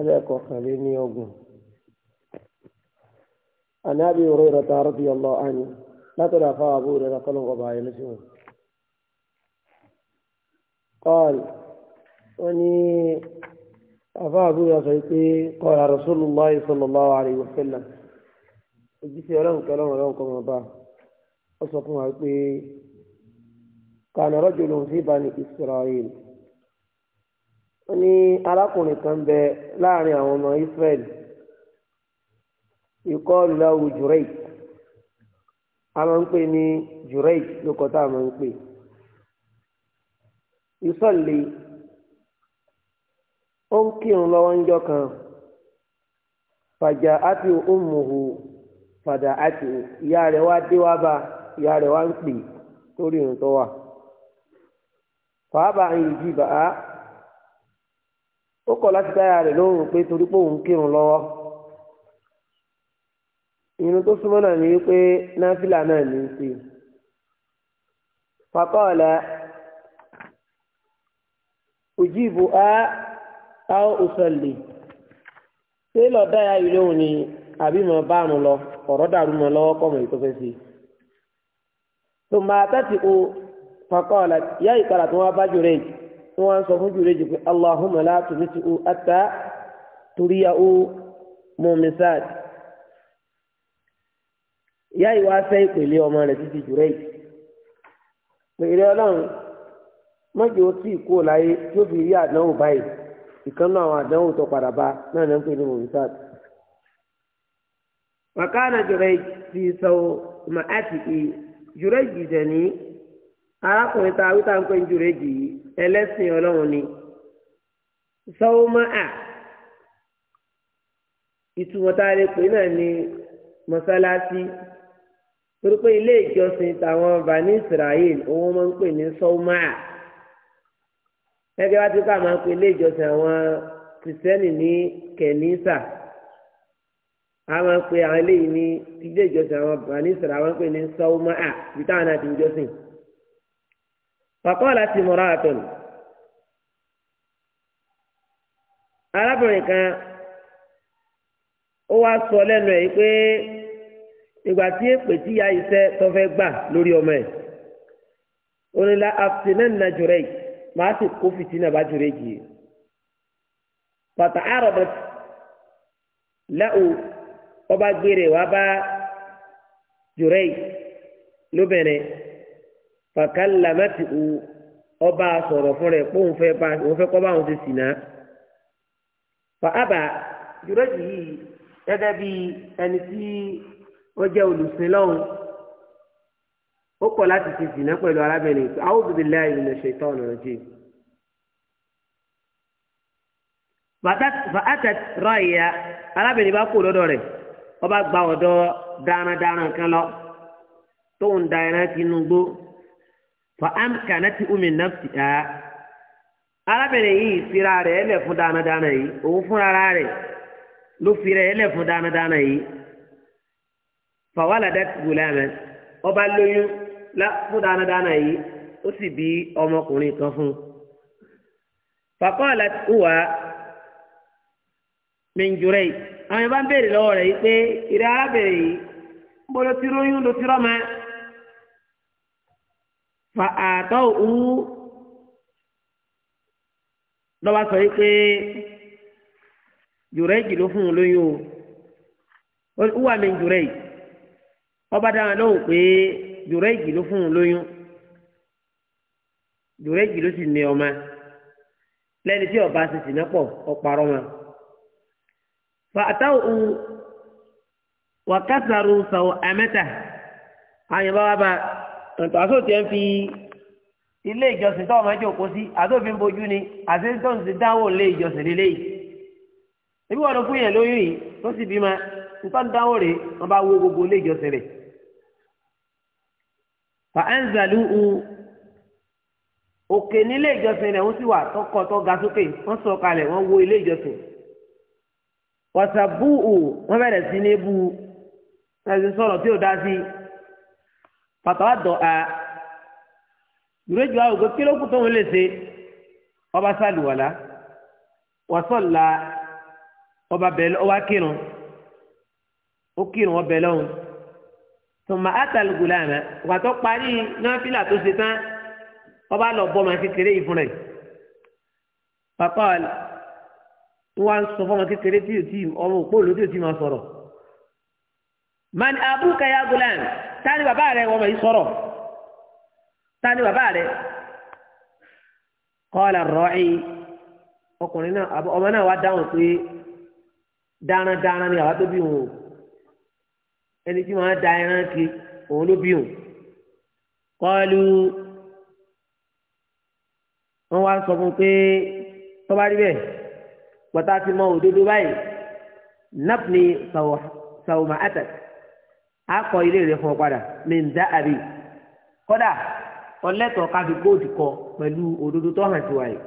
ẹlẹ́kọ̀ọ́kànlélẹ́ni ọgbọ̀n. عن ابي هريره رضي الله عنه لا تلافى ابو هريره قال وبايل قال وني أفا أبو يسعيتي قال رسول الله صلى الله عليه وسلم ìjísí ọlọ́run kẹlọ́run ọlọ́run kọ́ máa bá ọ sọ fún wa pé kànà rọ́jò lòun sí bani Israel ó ní arákùnrin kan bẹ láàrin àwọn ọmọ Israel ìkọlù láwù jureit a máa ń pè ní jureit lóko tá a máa ń pè kan fàjà àti òmùhù fàjà àti ìyá rẹ̀ wá dé wá bá ìyá rẹ̀ wá ń pè torí ìrìn tó wà ó kọ̀ láti dáyà rẹ̀ lóhùn pé torí pé òun kírun lọwọ irun tó súnmọ́ náà ni pé náfìlà náà ní í sí fakọ́ọ̀lá òjìbù á á òsèlè ṣé lọ dáyà yìí ni àbí mọ bá lọ dàrú mọ lọ́wọ́ yìí tó sí i tó máa o wọ́n sọ fún jùlọ jù pé Allahumma Lati tuzighu hatta turiya'u mu'minat ìyá ìwà fẹ́ ìpèlè ọmọ rẹ̀ títí jù yìí pèlè ọlọ́run mọ́jọ tí ìkú láyé tí ó fi rí àdánwò báyìí ìkan náà àwọn àdánwò tó padà bá náà ní ń pè ní mu'minat. wàkánà jùlọ ti sọ màá ti jùlọ ní. arákùnrin tá a wí tá a ń pè ń jùrè jì í ẹlẹ́sìn ọlọ́run ni sọ́wọ́mọ́ ìtumọ̀ tá a lè pè náà ni mọ́sálásí torí pé ilé ìjọsìn tàwọn bani israel òun máa ń pè ní sọ́wọ́mọ́ à gẹ́gẹ́ ti ká máa ń pè ilé ìjọsìn àwọn kìrìsìtẹ́nì ní kẹ̀nísà a máa ń pè àwọn eléyìí ní ilé ìjọsìn àwọn bani israel àwọn ń pè ní sọ́wọ́mọ́ à bí táwọn náà ti ń فقالت امرأة arábìnrin kan ó wá sọ lẹ́nu ẹ̀ pé ìgbà tí èpè tí ya iṣẹ́ tó fẹ́ gbà lórí ọmọ ẹ̀ ó ní na jùrẹ́ màá sì kó fìtínà bá jùrẹ́ yìí bàtà àròbọ̀ lẹ́wọ̀ ọba gbére wàá bá jùrẹ́ lóbìnrin fàkàlà mẹ́tì o ọba sọ̀rọ̀ fún rẹ̀ pé òun fẹ́ bá òun fẹ́ kọ́ bá òun ti sì náà fa àbà jùrọ̀jì yìí gẹ́gẹ́ bí ẹni tí ó jẹ́ olùsìn lọ́hùn ó kọ̀ láti ti sì náà pẹ̀lú arábìnrin a'udhu billahi minash shaitani rajim. fàtàt rọ̀ọ̀yà arábìnrin bá kú lọ́dọ̀ rẹ̀ ọba gba ọ̀dọ́ darandaran kan lọ tóun da ẹran tinú gbó fa amkanati umi nafsi ha arábìnrin yìí fira rẹ̀ ẹlẹ̀ fún dánadáná yìí òun fúnra rẹ̀ ló fira ẹlẹ̀ fún dánadáná yìí fa waladat gulaman ọba lóyún fún dánadáná yìí ó sì bí ọmọkùnrin kan fún un fa qalat huwa min Jurayj àwọn yẹn bá ń béèrè lọ́wọ́ rẹ̀ yìí pé ìrẹ́ arábìnrin yìí ń bọ́ ló ti róyún ló ti rọ́ máa fa àtọ́ òwú lọ́wọ́ sọ yìí pé jùrẹ́jì ló fún un lóyún o ó wà mí jùrẹ́jì ọba dáhùn lóhùn pé jùrẹ́jì ló fún un lóyún jùrẹ́jì ló sì ní ọmọ lẹ́ni tí ọba ṣe sì nápọ̀ ọ̀parọ́ wọn. fa àtọ́ òwú wàkàtàrú sàwọ̀ àmẹ́ta àyànbá wa bá ǹtọ́ àsòtì ẹ̀ ń fi ilé ìjọsìn tó ọmọ ẹjọ́ kó sí àtòfin bojú ni àti tó ń ti dáwọ́ ilé ìjọsìn lílé yìí ebi wọn fún yẹn lóyún yìí tó sì bímọ nípa dáwọ́ rẹ̀ wọn bá wó gbogbo ilé ìjọsìn rẹ̀ fa ẹnzàlú ń òkè ní ilé ìjọsìn rẹ̀ wọ́n sì wà tọkọ tó ga sókè wọ́n sọ kalẹ̀ wọ́n wó ilé ìjọsìn wọ́n sàbúù wọ́n bẹ̀rẹ̀ sí ní ebú ẹ̀sìn sọ̀rọ̀ tí ò dá sí i pàtàwá dọ̀ a ìrẹ́jọ àwògbé kí ló kù tóun lè ṣe ọba sálùwàlá wàsọ̀là ọba bẹ̀rẹ̀ ọba kírun ó kírun ọbẹ̀ lọ́hùn tòmà àtàlùgùlà àná wàtọ́ parí náfìlà tó ṣe tán ọba lọ bọ́ ọmọ kékeré yìí fúnra yìí pàpà wà ń sọ fọmọ kékeré tí yóò tí ọmọ òpó òlò tí yóò máa sọ̀rọ̀ man abuka ya gulam tani bàbá rẹ wọ́n bẹ̀yì sọ̀rọ̀ tani bàbá rẹ kọ́lá rọ́ọ̀ì ọkùnrin náà ọmọ náà wá dáhùn pé dáradára ni àwa tó bí wọn o ẹni tí wọn da ẹran kí òun ló bí wọn kọ́lù wọn wá sọ fún pé tọ́ba rí bẹ́ẹ̀ pọ̀tà ti mọ òdodo báyìí nàpni sàwùmá àtàkì á kọ ilé rẹ fún ọ padà mẹ́ńdá àbí kọ́dà ọlẹ́tọ̀ ká fi góòdù kọ pẹ̀lú òdodo tó hàn tiwa yìí.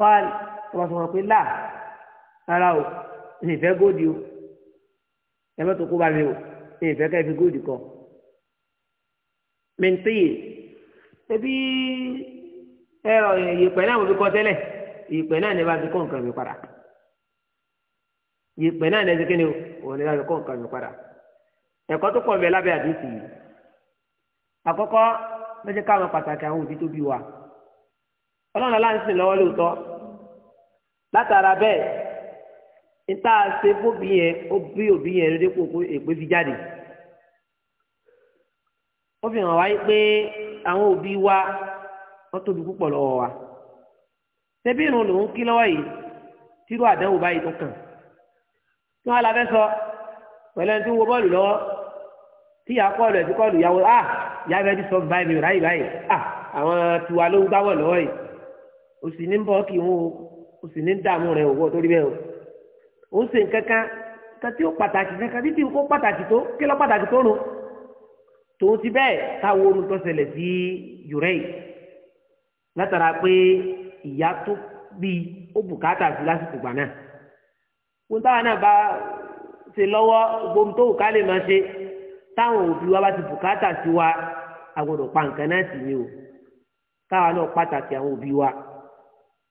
kọ́ọ̀lù ọba sọ wọn pé là rárá o ní ìfẹ́ góòdù o ẹ mẹ́tò kó bá mi o ní ìfẹ́ góòdù kọ. mẹ́ńtìyì ebi ẹ̀rọ ìyèpẹ̀ náà mo fi kọ tẹ́lẹ̀ ìyèpẹ̀ náà ni bá fi kọ́ nǹkan mi padà ìyèpẹ̀ náà ni ẹ ti kí ni o òun ni bá fi kọ́ nǹkan mi padà ẹ̀kọ́ tó pọ̀ ń bẹ lábẹ́ àdéhùn yìí àkọ́kọ́ méjì káwọn pàtàkì àwọn òbí tó bí wa ọlọ́run aláǹ sìn lọ́wọ́ lóòótọ́ látara bẹ́ẹ̀ níta ṣe fóbi yẹn ó bí òbí yẹn lóde kó èpè fi jáde ó fi hàn wáyé pé àwọn òbí wa wọ́n tóbi púpọ̀ lọ́wọ́ wa ṣebí irun lòún kí lọ́wọ́ yìí tírú àdánwò báyìí tó kàn tí wọ́n alábẹ́ sọ. So, pẹ̀lú ẹni tí ń wo bọ́ọ̀lù lọ́wọ́ tí ìyá kọ́ọ̀lù ẹ̀ tí kọ́ọ̀lù ìyàwó à ah, ìyá bẹ́ẹ̀ ti sọ báyìí mi ráyè báyìí à ah, àwọn tiwa ló ń gbáwọ̀ lọ́wọ́ yìí o sì ní bọ́ kí wọn o sì ní dààmú rẹ òwò torí bẹ́ẹ̀ o ń ṣe nǹkankan kan tí ó pàtàkì kankan títí kó pàtàkì tó kí lọ pàtàkì tó nu tòun ti bẹ́ẹ̀ káwọn ohun tó ṣẹlẹ̀ sí yùrẹ́ yìí látara pé ìyá tó bí ó bùkátà sí lásìkò gbà náà ṣe lọ́wọ́ gbogbo tó wù ká lè máa ṣe táwọn òbí wa bá ti bùkátà sí wa àgbọ̀dọ̀ pa nǹkan náà sì ni o káwa náà pàtàkì àwọn òbí wa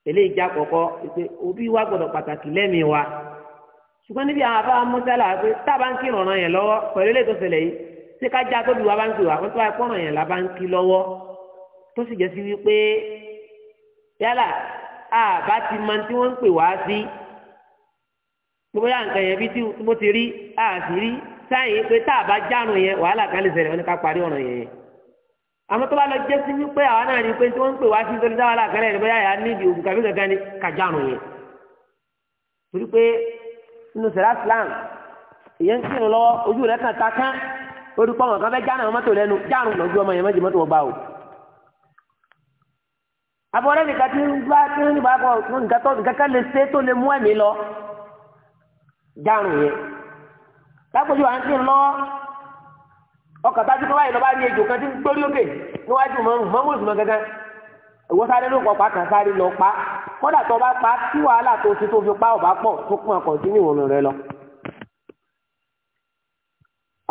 eléyìí já kọ̀kọ́ pé òbí wa gbọ́dọ̀ pàtàkì lẹ́mìí wa ṣùgbọ́n níbi àwọn afáwọn mọ́sálà pé tábà ń kírun ọ̀ràn yẹn lọ́wọ́ pẹ̀lú eléyìí tó ṣẹlẹ̀ yìí ṣé ká já tóbi wa bá ń kí wa pẹ́ẹ́tọ́ ẹ̀kọ́ràn yẹn la bá ń kí lọ́wọ́ tó sì jẹ́ sí wípé yálà àbá ti mọ tí wọ́n ń pè wá sí gbogbo yà nǹkan yẹn bí tí mo ti rí àṣírí sáyìn pé tá a bá jánu yẹn wàhálà kan lè ṣẹlẹ̀ wọn ni ká parí ọ̀ràn yẹn àmọ́ tó bá lọ jẹ́ sí wípé àwa náà ní pé tí wọ́n pè wá sí nítorí táwọn aláàkẹ́rẹ́ ẹ̀rọ bóyá yàrá níbi òògùn kàbí kankan ni ká jánu yẹn torí pé nínú sẹ̀rá Islam ìyẹn ń kírun lọ́wọ́ ojú rẹ̀ kàn ta kán orúkọ ọmọ kan fẹ́ jánu mọ́tò lẹ́nu jánu lọ́jọ́ ọmọ yẹn mọ́jì mọ́tò wọn gbà o abọ́rẹ́ nìkan tí ń gbá tí ń gbá bọ̀ nǹkan tó nǹkan kan lè ṣe tó lè mú ẹ̀mí lọ járùn yẹn lápòjú à ń sìn lọ ọkàn tájú kọ́ báyìí lọ́ba ní ejò kan tí ń gbórí òkè níwájú mọ́mú mọ́mú òsùnmọ́ gángan ìwọ sáré ló kọ́ pa kàn sáré lọ pa kódà tó bá pa tí wàhálà tó ti tó fi pa ọ̀bá pọ̀ tó pọ̀ kọ̀ọ̀tínú ìwòrán rẹ lọ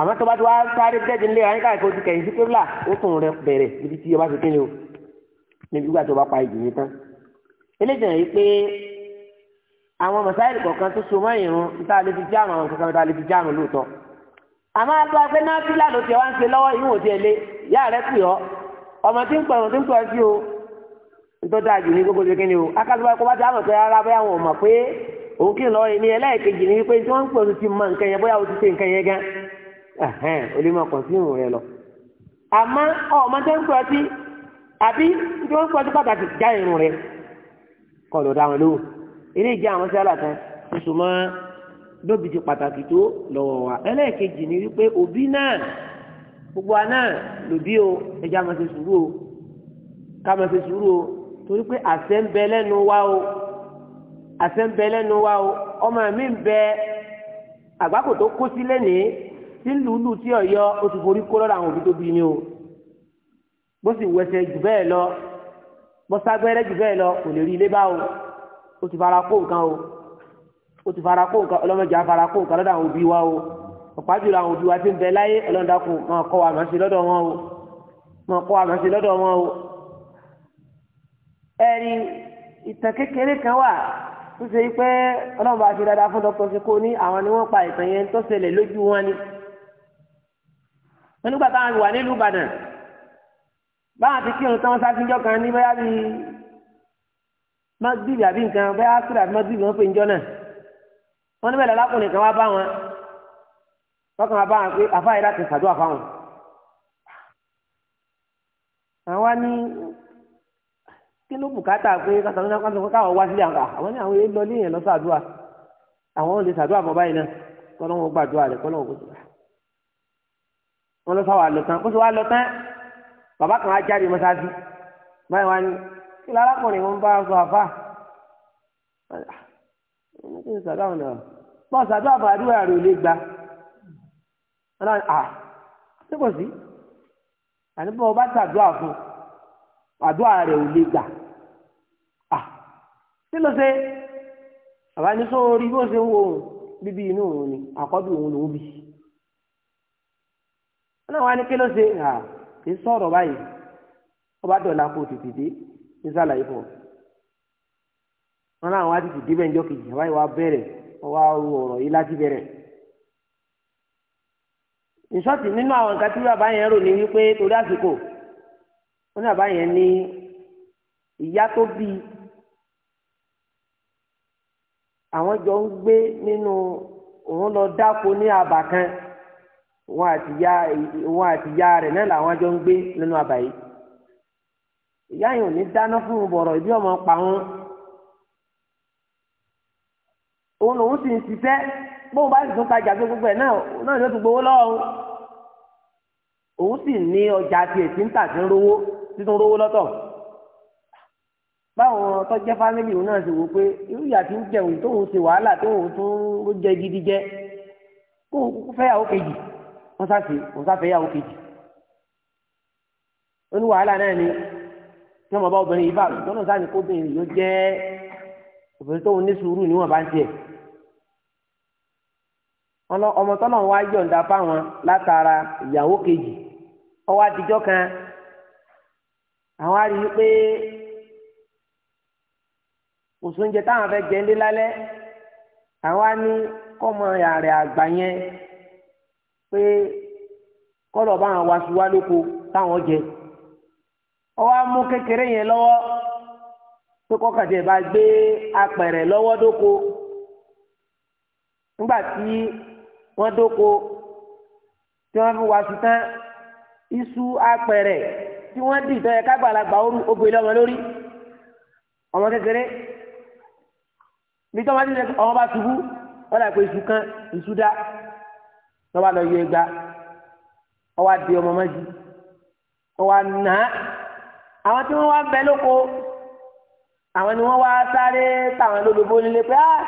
àmọ́ tó bá ti wá sáré dẹ́jì ńlẹ̀ ayé káyọ̀ kojú kẹ̀yìn sí kébìlà ó tún rẹ bẹ̀rẹ̀ ibi tí ọba ti kéde o níbi ìgbà tó bá pa ìjì yìí tán eléjìnà yìí pé àwọn mọ̀sáìlì kọ̀ọ̀kan tó so mọ́ ìrún níta lè fi jáàmù àwọn kankan níta lè fi jáàmù lóòótọ́ àmọ́ àti wá pé náfìlà ló tiẹ̀ wá ń ṣe lọ́wọ́ ìwọ̀n tiẹ̀ lé yá rẹ̀ pè ọ́ ọmọ tí ń pẹ̀rùn tí ń pẹ̀rùn sí o nítorí àjù ní gbogbo ṣe kíni o akásùpá kó bá ti àmọ̀ pé rárá bóyá wọn ò mọ̀ pé òun kì í lọ́ọ́ ní ẹlẹ́ẹ̀kejì ní wípé tí wọ́n ń pẹ̀rù ti mọ nǹkan yẹn bóyá o ti ṣe nǹkan yẹn gan ẹ̀hẹ́n o lè mọ kọ̀ǹtínù rẹ lọ. àmọ́ ọmọ tó ń pẹ̀rù ti àbí tí wọ́n ń pẹ̀rù ti pàtàkì já irun rẹ kọ́ lọ́ọ́ dá lóhùn ilé ìjẹ́ àwọn sálà kan tuntun mọ́ lóbi ti pàtàkì tó lọ́wọ́ wa ẹlẹ́ẹ̀kejì ni wípé òbí náà gbogbo àná lòbí o ẹja máa ṣe sùúrù o ká máa ṣe sùúrù o torí pé àṣẹ ń bẹ lẹ́nu wa o àṣẹ ń bẹ lẹ́nu wa o ọmọ mi ń bẹ àgbákò tó kó sí lẹ́nìí tí lùlù tí ọ̀yọ́ o forí kó lọ́dọ̀ àwọn òbí tó bí ni o bó sì wẹsẹ̀ jù bẹ́ẹ̀ lọ bó ságbẹ́rẹ́ jù bẹ́ẹ̀ lọ kò lè rí ilé bá ó ti fara kó nǹkan o ó ti fara kó nǹkan ọlọ́mọdé afara kó nǹkan lọ́dọ̀ àwọn òbí wa o ọ̀pá jùlọ àwọn òbí wa ti ń bẹ láyé ọlọ́dàkùn máa kọ́ wa máa ṣe lọ́dọ̀ wọn o máa kọ́ wa máa ṣe lọ́dọ̀ wọn o. ẹ̀rí ìtàn kékeré kan wà tó ṣe pé ọlọ́run ṣe dáadáa fún dr seko ní àwọn ni wọ́n pa ìtàn yẹn tó ṣẹlẹ̀ lójú wọn ni. wọ́n nígbà táwọn wà nílùú Ìbàdàn báwọn ti kírun tán sáfíjọ́ kan ní bóyá magdibi àbí nǹkan bẹ́ẹ̀ asiri àbí magdibi wọ́n pè ń jọ náà wọ́n ní bẹ́ẹ̀ lọ́kùnrin kan wá bá wọn wọ́n kàn wá bá wọn pé àfa yìí láti ṣàdúrà fáwọn. àwa ní kí ló bùkátà pé kàtàkùn náà kàtàkùn káwọn wá sílẹ̀ àwọn àwọn ní àwọn yẹn lọ léèyàn lọ ṣàdúrà àwọn ò lè ṣàdúrà mọ́ báyìí náà kọ́lọ́wọ́ gbàdúrà rẹ̀ kọ́lọ́wọ́ kò sùn. wọ́n lọ sáwà lọ tán kó sì wá lọ tán bàbá kan á jáde mọ́sáàsì báyìí wá ní kí lárakùnrin wọn bá sọ àfà ẹni tí ń sàdá ọ̀nà pọ̀ sàdá àbàdúrà rẹ̀ ò lè gba ọ̀nà à ṣé kò sí àníbọ̀ ọba sàdúrà fún àdúrà rẹ̀ ò lè gbà à kí ló ṣe àbá ní sóorí bó ṣe ń wo òun bíbí inú òun ni àkọ́bí òun lòún bì ọ̀nà wa ni kí ló ṣe à kì í sọ̀rọ̀ báyìí ọba dọ̀la kó tètè dé ní sàlàyé fún ọ wọn náà wọn á ti ti débẹ̀ ńjọ́ kejì àbá yìí wá bẹ̀rẹ̀ wọ́n wá ru ọ̀rọ̀ yìí láti bẹ̀rẹ̀ ìṣọ́ọ̀tì nínú àwọn nǹkan tí bàbá yẹn rò ní wípé torí àsìkò wọn ní bàbá yẹn ní ìyá tó bí àwọn jọ ń gbé nínú òun lọ dáko ní àbà kan òun àti ìyá rẹ̀ náà làwọn jọ ń gbé nínú àbà yìí ìyá yìí ò ní dáná fún un bọ̀rọ̀ ìbí ọmọ pa wọn òun lòun sì ń ṣiṣẹ́ bóun bá sì tún tajà tó gbogbo ẹ̀ náà náà ló ti gbowó lọ́wọ́ òun sì ní ọjà tiẹ̀ tí tà sí rówó tí rówó lọ́tọ̀ báwọn tọ́jẹ́ fámìlì òun náà ṣe wò pé irú ìyá tí ń jẹun tóun ṣe wàhálà tóun tún jẹ gidi jẹ kóun kúkú fẹ́yàwó kejì wọ́n sáfẹ́ yàwó kejì ó ní wàhálà náà ni tí wọn bá obìnrin yìí bá àlùjọ náà sáni kóbìnrin yìí ó jẹ obìnrin tóun ní sùúrù níwọn bá ń tiẹ ọmọ tọ́nà wa yọ̀ǹda fáwọn látara ìyàwó kejì ọwọ́ àtijọ́ kan àwọn á rí i pé òsùnjẹ táwọn fẹ́ jẹ ńlẹ́ lálẹ́ àwọn á ní kọ́mọ ààrẹ àgbà yẹn pé kọ́lọ̀ bá wọn wá sí wa lóko táwọn ọwọ́ amú kékeré yẹn lọ́wọ́ tó kọ́kàtì ẹ̀ bá gbé apẹ̀rẹ̀ lọ́wọ́ dóko nígbà tí wọ́n dóko tí wọ́n fi wá sí tán iṣu apẹ̀rẹ̀ tí wọ́n dì tọ́ yẹ kágbàlagbà ogun ilé ọmọ lórí ọmọ kékeré bí tọ́wọ́n ti sẹ́kọ̀ ọmọ bá ṣubú wọ́n dà pé iṣu kan iṣu dá tọ́wọ́ lọ yọ ẹgbàá ọwọ́ adé ọmọ mọ́jú ọwọ́ àná àwọn tí wọ́n wá ń bẹ lóko àwọn ni wọ́n wá sáré táwọn lólobó nílé pé ah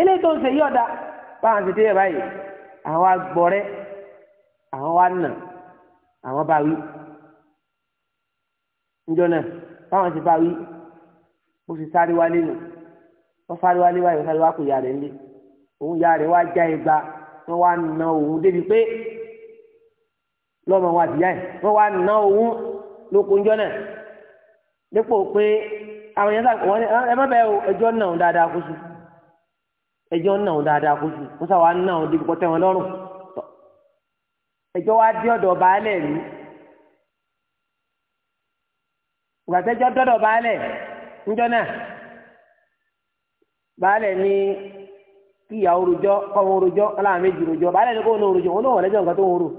eléyìí tó ń ṣe yí ọ̀dà báwọn ti dé báyìí àwọn agbọ̀rẹ́ àwọn wá nà àwọn bá wí níjọ náà báwọn ti bá wí ó sì sáré wálé nù wọ́n sáré wálé wáyé wọ́n sáré wá kó ìyá rẹ̀ nílé òun ìyá rẹ̀ wá já igba wọ́n wá na òun débi pé lọ́mọ wa dìyà ẹ̀ wọ́n wá na òun. lóko ńjọ́ náà dípò pé àwọn yẹn sáà wọn ah, ẹ má bẹ́ẹ̀ o ẹjọ́ náà ń dáadáa kó sùn ẹjọ́ náà ń dáadáa kó sùn kó dìbò lọ́rùn ẹjọ́ wa dé ọ̀dọ̀ baálẹ̀ rí gbàtẹ́jọ́ dọ́dọ̀ baálẹ̀ ńjọ́ náà baálẹ̀ ní kíyàwó rojọ́ kọ́wọ́n rojọ́ aláàmì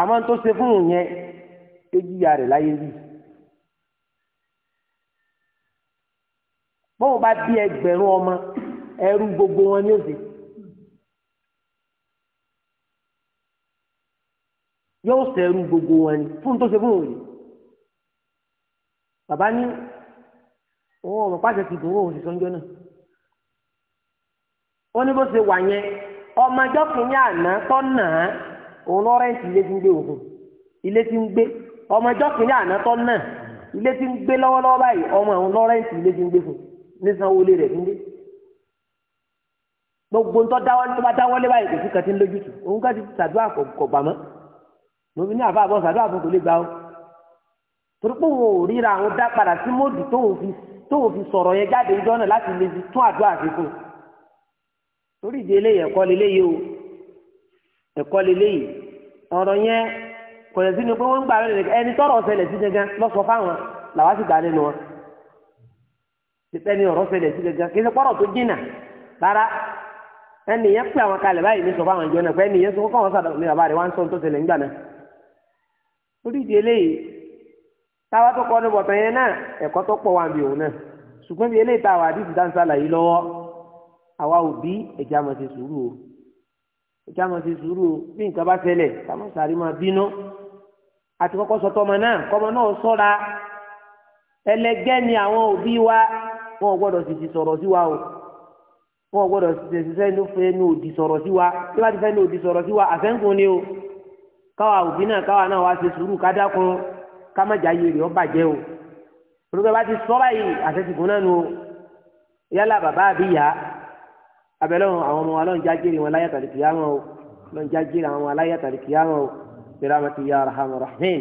àmọ́ tó ṣe fún un yẹn tó jìyà rẹ̀ láyé rí. bọ́wọ́ bá bí ẹgbẹ̀rún ọmọ ẹrú gbogbo wọn ní òde. yóò sẹ́rù gbogbo wọn ni fún tó ṣe fún òun yìí. bàbá ní òun ọ̀rọ̀ pàṣẹ ti dùn òun òṣìṣẹ́ ọjọ́ náà. ó ní bó ṣe wà yẹn ọmọ ẹjọ́ kìíní àná tọ́ nà á òun lọ́rẹ́ǹtì ilé tí ń gbé òkun ilé tí ń gbé ọmọ ẹjọ́ kìíní ànátọ́ náà ilé tí ń gbé lọ́wọ́lọ́wọ́ báyìí ọmọ òun lọ́rẹ́ǹtì ilé tí ń gbé fún nísanwó ilé rẹ̀ nílé gbogbo ń tọ́ dáwọ́lé bá dáwọ́lé báyìí kò sí kan tí ń lójútù òun kàn ti ṣàdúrà kọ̀ bàmọ́ lóbi ní àfa àbọ̀ ṣàdúrà fún kò lè gbà ó torí pé òun ò ríra àwọn dá sí móòdù tóun fi sọ̀rọ̀ yẹn jáde ìjọ náà láti lè fi tún àdúrà fi fún un torí ìdí eléyìí ẹ̀kọ́ ẹ̀kọ́ lélẹ́yìí ọ̀rọ̀ yẹn kò yẹ sínú pé wọ́n ń gbà rẹ̀ nìkan ẹni tọ́rọ̀ ṣẹlẹ̀ sí gangan lọ́sọ fáwọn làwa sì gbà nínú wọn ẹni ọ̀rọ̀ ṣẹlẹ̀ sí gangan kì í ṣe pọ́rọ̀ tó jìnnà rárá ẹni yẹn pé àwọn kalẹ̀ báyìí ní sọ fáwọn ìjọ náà pé ẹni yẹn sọ fáwọn sàdọ̀ ní bàbá rẹ̀ wá ń sọ tó ṣẹlẹ̀ ńgbà náà orí ìdí eléyìí táwa tó kọ́ ní bọ̀tán yẹn náà ẹ̀kọ́ tó pọ̀ wà ń bi òun náà ṣùgbọ́n bí eléyìí táwa àdìsí dáńsá làyí lọ́wọ́ àwa òbí ẹ̀jẹ̀ àmọ̀ ṣe sùúrù o ìjà máa ṣe sùúrù bí nǹkan bá ṣẹlẹ̀ táwọn sàrí máa bínú àti kọ́kọ́ sọ tọmọ náà kọ́mọ náà sọ́ra ẹlẹgẹ́ ni àwọn òbí wa wọn ò gbọ́dọ̀ sì ti sọ̀rọ̀ sí wa o wọn ò gbọ́dọ̀ sì ti fẹ́ nu òdì sọ̀rọ̀ sí wa bí wọ́n ti fẹ́ nu òdì sọ̀rọ̀ sí wa àfẹ́ǹkùn ni o káwa òbí náà káwa náà wá ṣe sùúrù ká dákun ká má jà yèrè ọ bàjẹ́ o olùkọ́ bá ti sọ́ báyìí àṣẹ náà nu yálà bàbá àbí abẹ́lẹ́wọ̀n àwọn ọmọ wa lọ́n jájèrè wọn láyàtọ̀ lè kìyàmù o lọ́n jájèrè àwọn ọmọ o rahim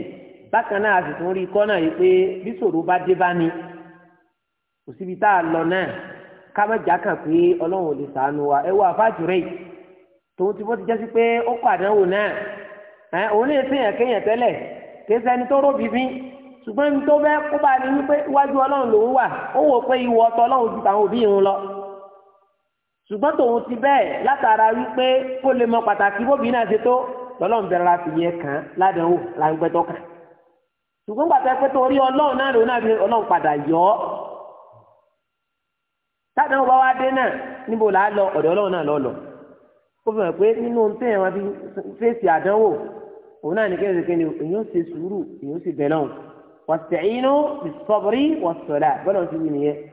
bákan náà a sì tún rí kọ́nà yìí pé a lọ náà ká má jà kàn pé ọlọ́run ò lè sàánú wa ẹ àfáàjùrẹ́ yìí tòun ti bọ́ ti pé ó àdánwò náà ẹ òun lè sèyàn tẹ́lẹ̀ tó ṣùgbọ́n tó kó bá ní wípé iwájú ọlọ́run lòún wà ó wò pé lọ ṣùgbọ́n tòun ti bẹ́ẹ̀ látara wípé kó lè mọ pàtàkì bóbi náà ṣe tó lọ́lọ́run bẹ̀rẹ̀ la fi yẹ kàn ládàáwò láńgbẹ́tọ́ kàn ṣùgbọ́n gbàtà pé torí ọlọ́run náà lòun náà fi ọlọ́run padà yọ ọ́ tádàáwò bá wá dé náà níbo là á lọ ọ̀dọ̀ ọlọ́run náà lọ lọ ó fi hàn pé nínú tẹ́yìn wọn fi fèsì àdánwò òun náà ní kéde kéde èyí ó ṣe sùúrù èyí ó ṣe bẹ̀ lọ́hùn wàṣẹ̀yìn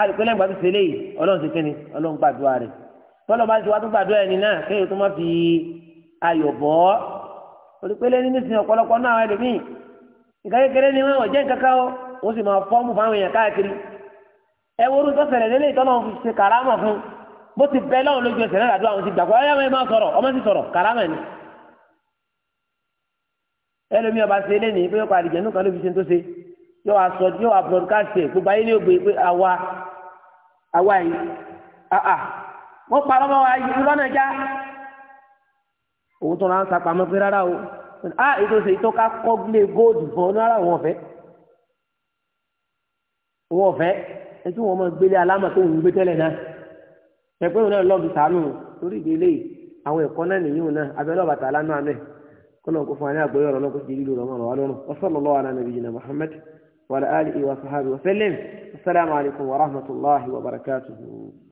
alùpùpù lẹ́gbàá tó ṣe léyìí ọlọ́run ṣe kíni ọlọ́run gbàdúrà rẹ̀ tọ́lọ̀ bá ti wá tó gbàdúrà ẹni náà kéèyàn tó má fi ayọ̀ bọ́ olùpẹ̀lẹ́ nínú ìsìn ọ̀pọ̀lọpọ̀ náà àwọn ẹlòmíì nǹkan kékeré ni wọ́n jẹ́ nǹkan káwọ́ ó sì máa fọ́ọ̀mù fáwọn èèyàn káàkiri ẹ worú tó ṣẹlẹ̀ lélẹ̀ tọ́lọ̀ fi ṣe kàrámà fún bó ti bẹ́ lọ́wọ́ lójú ẹsẹ̀ náà àdúrà wọn ti gbàgbọ́ ẹ máa sọ̀rọ̀ ọmọ sì sọ̀rọ̀ kàrámà ni ẹlòmíì ọba ṣe lé ní pé ó pa àdìjẹ́ nù kan ló fi ṣe tó ṣe yọ wá sọ yóò wa broadcast ẹ gbogbo ayé ní ògbé awa awa yi yìí a wọn parọ́ mọ́ wa yìí lọ́nà ẹja òun tó náà ń sapamọ́ pé o a ètò ìṣèyí tó ká kọ́ lé góòdù fún ọ rárá òun ọ̀fẹ́ òun ọ̀fẹ́ ẹtí wọn máa gbélé alámà tó ń gbé tẹ́lẹ̀ náà pẹ̀pẹ́ òun na lọ́ọ̀bù sànù torí ìdílé àwọn ẹ̀kọ́ náà nìyíwò náà abẹ́rẹ́ ọ̀bàtà alánú àná kọ́nà fún wa ní àgbẹ̀yọ̀ ọ̀rọ̀ ìlú rọ̀ ọ̀rọ̀ ala وعلى آله وصحبه وسلم السلام عليكم ورحمة الله وبركاته